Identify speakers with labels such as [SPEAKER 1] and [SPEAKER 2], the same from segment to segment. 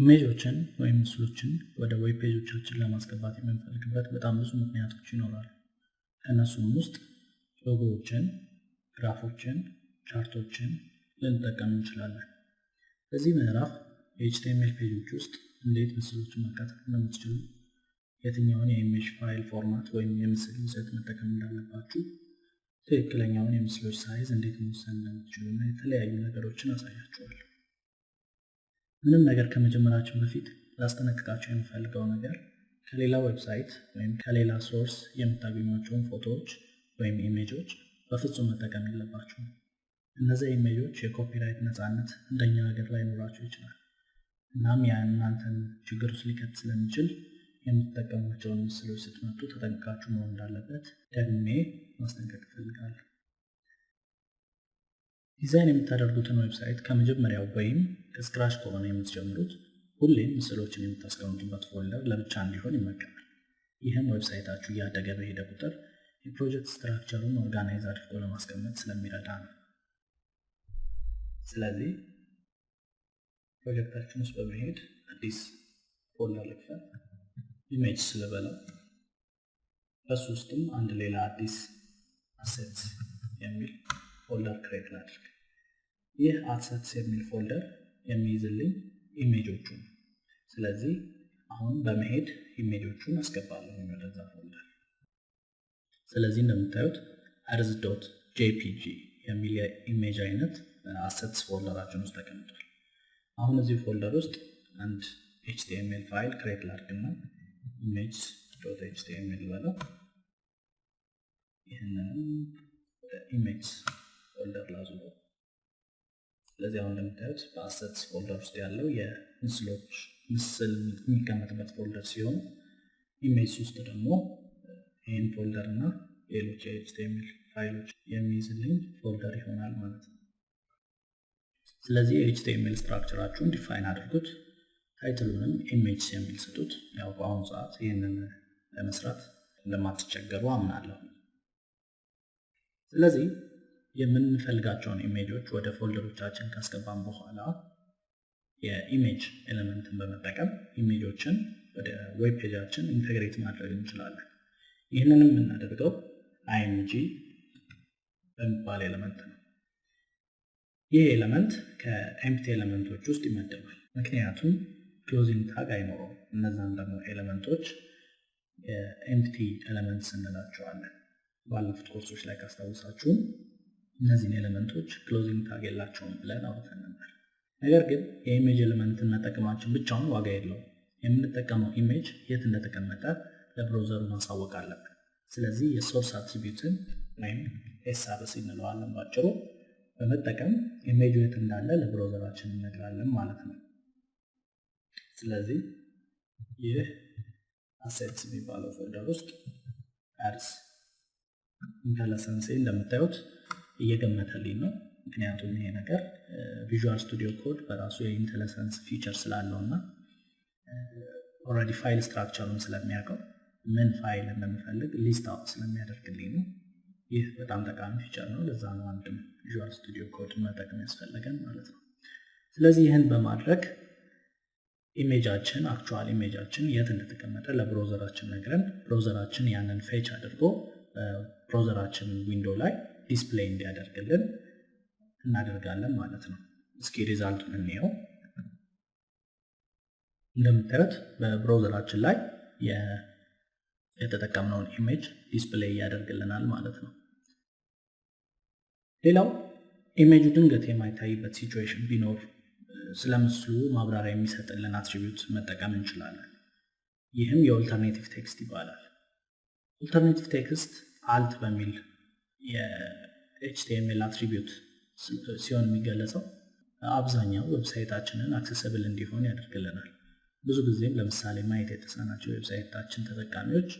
[SPEAKER 1] ኢሜጆችን ወይም ምስሎችን ወደ ዌብ ፔጆቻችን ለማስገባት የምንፈልግበት በጣም ብዙ ምክንያቶች ይኖራሉ። ከእነሱም ውስጥ ሎጎዎችን፣ ግራፎችን፣ ቻርቶችን ልንጠቀም እንችላለን። በዚህ ምዕራፍ የኤችቲኤምኤል ፔጆች ውስጥ እንዴት ምስሎችን መካተት እንደምትችሉ፣ የትኛውን የኢሜጅ ፋይል ፎርማት ወይም የምስል ይዘት መጠቀም እንዳለባችሁ፣ ትክክለኛውን የምስሎች ሳይዝ እንዴት መወሰን እንደምትችሉ እና የተለያዩ ነገሮችን አሳያችኋለሁ። ምንም ነገር ከመጀመራችን በፊት ላስጠነቅቃቸው የምፈልገው ነገር ከሌላ ዌብሳይት ወይም ከሌላ ሶርስ የምታገኟቸውን ፎቶዎች ወይም ኢሜጆች በፍጹም መጠቀም የለባችሁም። እነዚያ ኢሜጆች የኮፒራይት ነፃነት እንደኛ ሀገር ላይ ኖራቸው ይችላል። እናም ያ እናንተን ችግር ውስጥ ሊከት ስለሚችል የምትጠቀሟቸውን ምስሎች ስትመጡ ተጠንቅቃችሁ መሆን እንዳለበት ደግሜ ማስጠንቀቅ እፈልጋለሁ። ዲዛይን የምታደርጉትን ዌብሳይት ከመጀመሪያው ወይም ከስክራች ከሆነ የምትጀምሩት ሁሌም ምስሎችን የምታስቀምጡበት ፎልደር ለብቻ እንዲሆን ይመከራል። ይህም ዌብሳይታችሁ እያደገ በሄደ ቁጥር የፕሮጀክት ስትራክቸሩን ኦርጋናይዝ አድርጎ ለማስቀመጥ ስለሚረዳ ነው። ስለዚህ ፕሮጀክታችን ውስጥ በመሄድ አዲስ ፎልደር ልክፈት፣ ኢሜጅ ስለበለው በሱ ውስጥም አንድ ሌላ አዲስ አሴት የሚል ፎልደር ክሬት ላድርግ። ይህ አትሰትስ የሚል ፎልደር የሚይዝልኝ ኢሜጆቹን። ስለዚህ አሁን በመሄድ ኢሜጆቹን አስገባለሁ ወደዛ ፎልደር። ስለዚህ እንደምታዩት አርዝ ዶት ጄፒጂ የሚል የኢሜጅ አይነት አሰትስ ፎልደራችን ውስጥ ተቀምጧል። አሁን እዚህ ፎልደር ውስጥ አንድ ኤችቲኤምኤል ፋይል ክሬት ላድርግና ኢሜጅ ዶት ኤችቲኤምኤል በለው ይህንንም ኢሜጅ ፎልደር ላዙ ነው። ስለዚህ አሁን እንደምታዩት በአሰትስ ፎልደር ውስጥ ያለው የምስሎች ምስል የሚቀመጥበት ፎልደር ሲሆን ኢሜጅ ውስጥ ደግሞ ይህን ፎልደር እና ሌሎች የኤችቲኤምኤል ፋይሎች የሚይዝልኝ ፎልደር ይሆናል ማለት ነው። ስለዚህ የኤችቲኤምኤል ስትራክቸራችሁን ዲፋይን አድርጉት። ታይትሉንም ኢሜጅ የሚል ስጡት። ያው በአሁኑ ሰዓት ይህንን ለመስራት እንደማትቸገሩ አምናለሁ። ስለዚህ የምንፈልጋቸውን ኢሜጆች ወደ ፎልደሮቻችን ካስገባን በኋላ የኢሜጅ ኤለመንትን በመጠቀም ኢሜጆችን ወደ ዌብ ፔጃችን ኢንተግሬት ማድረግ እንችላለን። ይህንን የምናደርገው አይምጂ በሚባል ኤለመንት ነው። ይህ ኤሌመንት ከኤምፕቲ ኤሌመንቶች ውስጥ ይመደባል። ምክንያቱም ክሎዚንግ ታግ አይኖረውም። እነዛን ደግሞ ኤሌመንቶች የኤምፕቲ ኤለመንት ስንላቸዋለን ባለፉት ኮርሶች ላይ ካስታውሳችሁም እነዚህን ኤሌመንቶች ክሎዚንግ ታግ የላቸውም ብለን አውርተን ነበር። ነገር ግን የኢሜጅ ኤሌመንትን መጠቀማችን ብቻውን ዋጋ የለውም። የምንጠቀመው ኢሜጅ የት እንደተቀመጠ ለብሮዘሩ ማሳወቅ አለብን። ስለዚህ የሶርስ አትሪቢዩትን ወይም ኤስአርስ እንለዋለን ባጭሩ በመጠቀም ኢሜጁ የት እንዳለ ለብሮዘራችን እነግራለን ማለት ነው። ስለዚህ ይህ አሴትስ የሚባለው ፎልደር ውስጥ አርስ ኢንተለሰንሴ እንደምታዩት እየገመተልኝ ነው። ምክንያቱም ይሄ ነገር ቪዥዋል ስቱዲዮ ኮድ በራሱ የኢንተለሰንስ ፊቸር ስላለው እና ኦረዲ ፋይል ስትራክቸሩን ስለሚያውቀው ምን ፋይል እንደምፈልግ ሊስት አውት ስለሚያደርግልኝ ነው። ይህ በጣም ጠቃሚ ፊቸር ነው። ለዛ ነው አንድም ቪዥዋል ስቱዲዮ ኮድ መጠቅም ያስፈለገን ማለት ነው። ስለዚህ ይህን በማድረግ ኢሜጃችን አክቹዋል ኢሜጃችን የት እንደተቀመጠ ለብሮዘራችን ነግረን ብሮዘራችን ያንን ፌች አድርጎ ብሮዘራችን ዊንዶ ላይ ዲስፕሌይ እንዲያደርግልን እናደርጋለን ማለት ነው። እስኪ ሪዛልቱን እንየው። እንደምታዩት በብሮዘራችን ላይ የተጠቀምነውን ኢሜጅ ዲስፕሌይ እያደርግልናል ማለት ነው። ሌላው ኢሜጁ ድንገት የማይታይበት ሲቹዌሽን ቢኖር ስለ ምስሉ ማብራሪያ የሚሰጥልን አትሪቢዩት መጠቀም እንችላለን። ይህም የኦልተርኔቲቭ ቴክስት ይባላል። ኦልተርኔቲቭ ቴክስት አልት በሚል የኤችቲኤምኤል አትሪቢዩት ሲሆን የሚገለጸው አብዛኛው ዌብሳይታችንን አክሰሰብል እንዲሆን ያደርግልናል። ብዙ ጊዜም ለምሳሌ ማየት የተሳናቸው ዌብሳይታችን ተጠቃሚዎች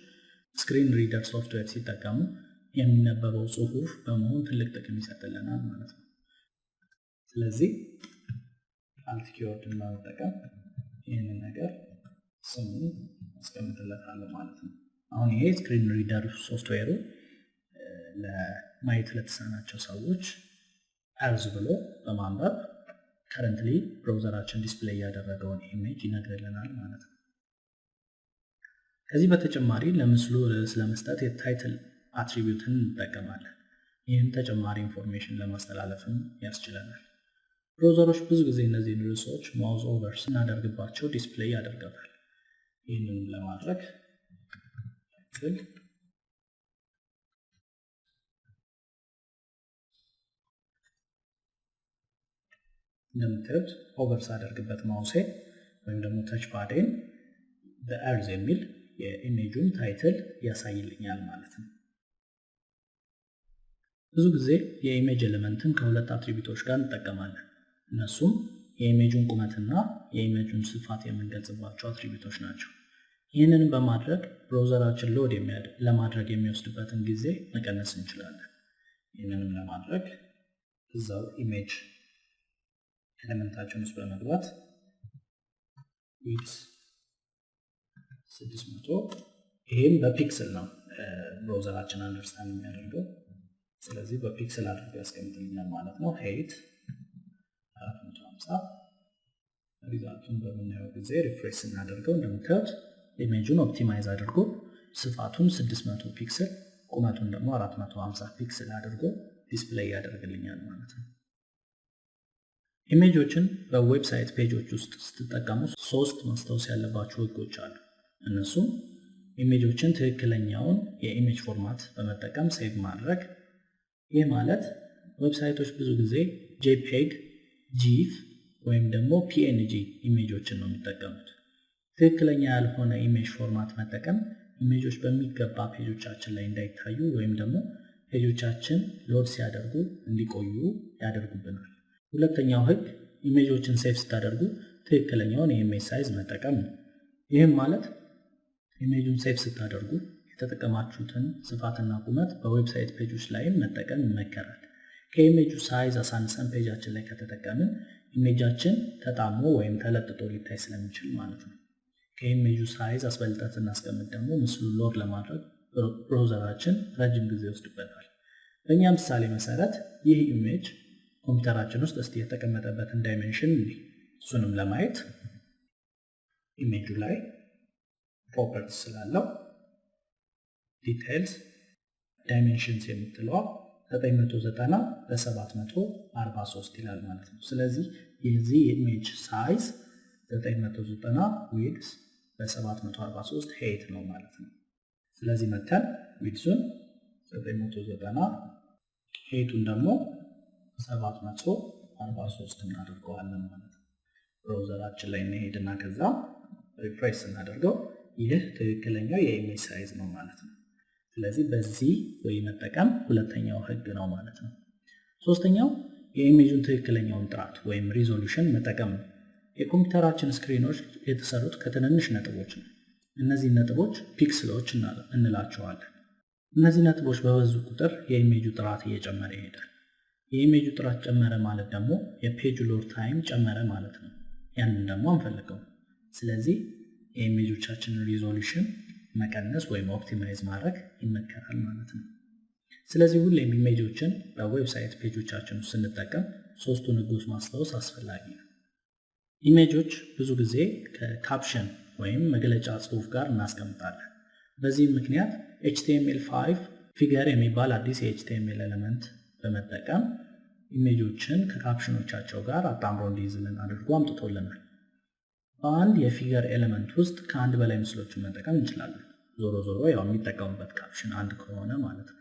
[SPEAKER 1] ስክሪን ሪደር ሶፍትዌር ሲጠቀሙ የሚነበበው ጽሁፍ በመሆን ትልቅ ጥቅም ይሰጥልናል ማለት ነው። ስለዚህ አልት ኪወርድን በመጠቀም ይህንን ነገር ስሙ አስቀምጥለታለሁ ማለት ነው። አሁን ይሄ ስክሪን ሪደር ሶፍትዌሩ ለማየት ለተሳናቸው ሰዎች አርዝ ብሎ በማንበብ ከረንትሊ ብሮዘራችን ዲስፕሌይ ያደረገውን ኢሜጅ ይነግርልናል ማለት ነው። ከዚህ በተጨማሪ ለምስሉ ርዕስ ለመስጠት የታይትል አትሪቢዩትን እንጠቀማለን። ይህም ተጨማሪ ኢንፎርሜሽን ለማስተላለፍም ያስችለናል። ብሮዘሮች ብዙ ጊዜ እነዚህን ርዕሶች ማውዝ ኦቨር ስናደርግባቸው ዲስፕሌይ ያደርገታል። ይህንንም ለማድረግ እንደምታዩት ኦቨር ሳደርግበት ማውሴ ወይም ደግሞ ተች ፓዴን በአርዝ የሚል የኢሜጁን ታይትል ያሳይልኛል ማለት ነው። ብዙ ጊዜ የኢሜጅ ኤሌመንትን ከሁለት አትሪቢቶች ጋር እንጠቀማለን። እነሱም የኢሜጁን ቁመትና የኢሜጁን ስፋት የምንገልጽባቸው አትሪቢቶች ናቸው። ይህንንም በማድረግ ብሮዘራችን ሎድ ለማድረግ የሚወስድበትን ጊዜ መቀነስ እንችላለን። ይህንንም ለማድረግ እዛው ኢሜጅ ኤሌመንታችን ውስጥ በመግባት ኢክስ 600 ይህም በፒክስል ነው ብሮዘራችን አንደርስታንድ የሚያደርገው። ስለዚህ በፒክስል አድርጎ ያስቀምጥልኛል ማለት ነው። ሄይት 450 ሪዛልቱን በምናየው ጊዜ ሪፍሬሽ ስናደርገው እንደምታዩት ኢሜጁን ኦፕቲማይዝ አድርጎ ስፋቱን 600 ፒክስል ቁመቱን ደግሞ 450 ፒክስል አድርጎ ዲስፕሌይ ያደርግልኛል ማለት ነው። ኢሜጆችን በዌብሳይት ፔጆች ውስጥ ስትጠቀሙ ሶስት ማስታወስ ያለባቸው ህጎች አሉ። እነሱም ኢሜጆችን ትክክለኛውን የኢሜጅ ፎርማት በመጠቀም ሴቭ ማድረግ። ይህ ማለት ዌብሳይቶች ብዙ ጊዜ ጄፔግ፣ ጂፍ ወይም ደግሞ ፒኤንጂ ኢሜጆችን ነው የሚጠቀሙት። ትክክለኛ ያልሆነ ኢሜጅ ፎርማት መጠቀም ኢሜጆች በሚገባ ፔጆቻችን ላይ እንዳይታዩ ወይም ደግሞ ፔጆቻችን ሎድ ሲያደርጉ እንዲቆዩ ያደርጉብናል። ሁለተኛው ህግ ኢሜጆችን ሴፍ ስታደርጉ ትክክለኛውን የኢሜጅ ሳይዝ መጠቀም ነው። ይህም ማለት ኢሜጁን ሴፍ ስታደርጉ የተጠቀማችሁትን ስፋትና ቁመት በዌብሳይት ፔጆች ላይም መጠቀም ይመከራል። ከኢሜጁ ሳይዝ አሳንሰን ፔጃችን ላይ ከተጠቀምን ኢሜጃችን ተጣሞ ወይም ተለጥጦ ሊታይ ስለሚችል ማለት ነው። ከኢሜጁ ሳይዝ አስበልጠን ስናስቀምጥ ደግሞ ምስሉን ሎድ ለማድረግ ብሮዘራችን ረጅም ጊዜ ይወስድበታል። በእኛ ምሳሌ መሰረት ይህ ኢሜጅ ኮምፒውተራችን ውስጥ እስቲ የተቀመጠበትን ዳይሜንሽን እሱንም ለማየት ኢሜጁ ላይ ፕሮፐርቲ ስላለው ዲታይልስ ዳይሜንሽንስ የምትለዋ 990 በ743 ይላል ማለት ነው። ስለዚህ የዚህ የኢሜጅ ሳይዝ 990 ዊድስ በ743 ሄይት ነው ማለት ነው። ስለዚህ መተን ዊድሱን 990 ሄይቱን ደግሞ ሰባት መቶ አርባ ሶስት እናደርገዋለን ማለት ነው። ብሮዘራችን ላይ እንሄድና ከዛ ሪፍሬሽ ስናደርገው ይህ ትክክለኛው የኢሜጅ ሳይዝ ነው ማለት ነው። ስለዚህ በዚህ ወይ መጠቀም ሁለተኛው ህግ ነው ማለት ነው። ሶስተኛው የኢሜጁን ትክክለኛውን ጥራት ወይም ሪዞሉሽን መጠቀም ነው። የኮምፒውተራችን ስክሪኖች የተሰሩት ከትንንሽ ነጥቦች ነው። እነዚህ ነጥቦች ፒክስሎች እንላቸዋለን። እነዚህ ነጥቦች በበዙ ቁጥር የኢሜጁ ጥራት እየጨመረ ይሄዳል። የኢሜጁ ጥራት ጨመረ ማለት ደግሞ የፔጅ ሎድ ታይም ጨመረ ማለት ነው። ያንን ደግሞ አንፈልገው። ስለዚህ የኢሜጆቻችንን ሪዞሉሽን መቀነስ ወይም ኦፕቲማይዝ ማድረግ ይመከራል ማለት ነው። ስለዚህ ሁሌም ኢሜጆችን በዌብሳይት ፔጆቻችን ውስጥ ስንጠቀም ሶስቱን ህጎች ማስታወስ አስፈላጊ ነው። ኢሜጆች ብዙ ጊዜ ከካፕሽን ወይም መግለጫ ጽሁፍ ጋር እናስቀምጣለን። በዚህም ምክንያት ኤችቲኤምኤል ፋይቭ ፊገር የሚባል አዲስ የኤችቲኤምኤል ኤለመንት ። በመጠቀም ኢሜጆችን ከካፕሽኖቻቸው ጋር አጣምሮ እንዲይዝልን አድርጎ አምጥቶልናል። በአንድ የፊገር ኤሌመንት ውስጥ ከአንድ በላይ ምስሎችን መጠቀም እንችላለን። ዞሮ ዞሮ ያው የሚጠቀሙበት ካፕሽን አንድ ከሆነ ማለት ነው።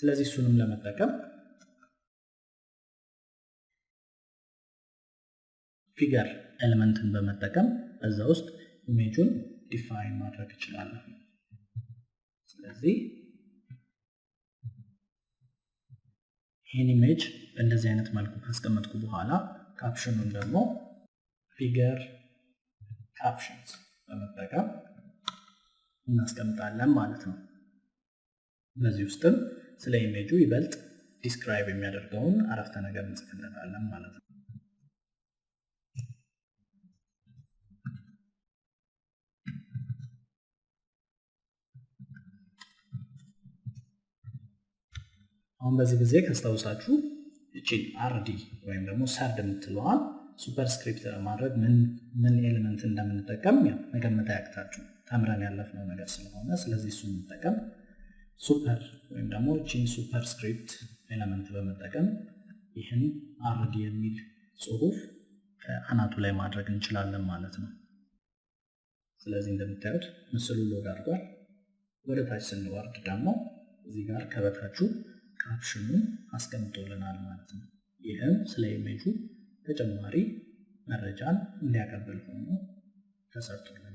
[SPEAKER 1] ስለዚህ እሱንም ለመጠቀም ፊገር ኤሌመንትን በመጠቀም እዛ ውስጥ ኢሜጁን ዲፋይን ማድረግ ይችላለን ስለዚህ ይህን ኢሜጅ በእንደዚህ አይነት መልኩ ካስቀመጥኩ በኋላ ካፕሽኑን ደግሞ ፊገር ካፕሽንስ በመጠቀም እናስቀምጣለን ማለት ነው። በዚህ ውስጥም ስለ ኢሜጁ ይበልጥ ዲስክራይብ የሚያደርገውን አረፍተ ነገር እንጽፍለታለን ማለት ነው። አሁን በዚህ ጊዜ ካስታውሳችሁ እቺን አርዲ ወይም ደግሞ ሰርድ የምትለዋል ሱፐርስክሪፕት ለማድረግ ምን ኤሌመንት እንደምንጠቀም መገመት ያቅታችሁ ተምረን ያለፍነው ነገር ስለሆነ ስለዚህ እሱ የምንጠቀም ሱፐር ወይም ደግሞ እቺን ሱፐርስክሪፕት ኤሌመንት በመጠቀም ይህን አርዲ የሚል ጽሁፍ ከአናቱ ላይ ማድረግ እንችላለን ማለት ነው። ስለዚህ እንደምታዩት ምስሉ ሎግ አድርጓል። ወደ ታች ስንወርድ ደግሞ እዚህ ጋር ከበታችሁ ካፕሽኑ አስቀምጦልናል ማለት ነው። ይህም ስለ ኢሜጁ ተጨማሪ መረጃን እንዲያቀብል ሆኖ ተሰርቶልናል።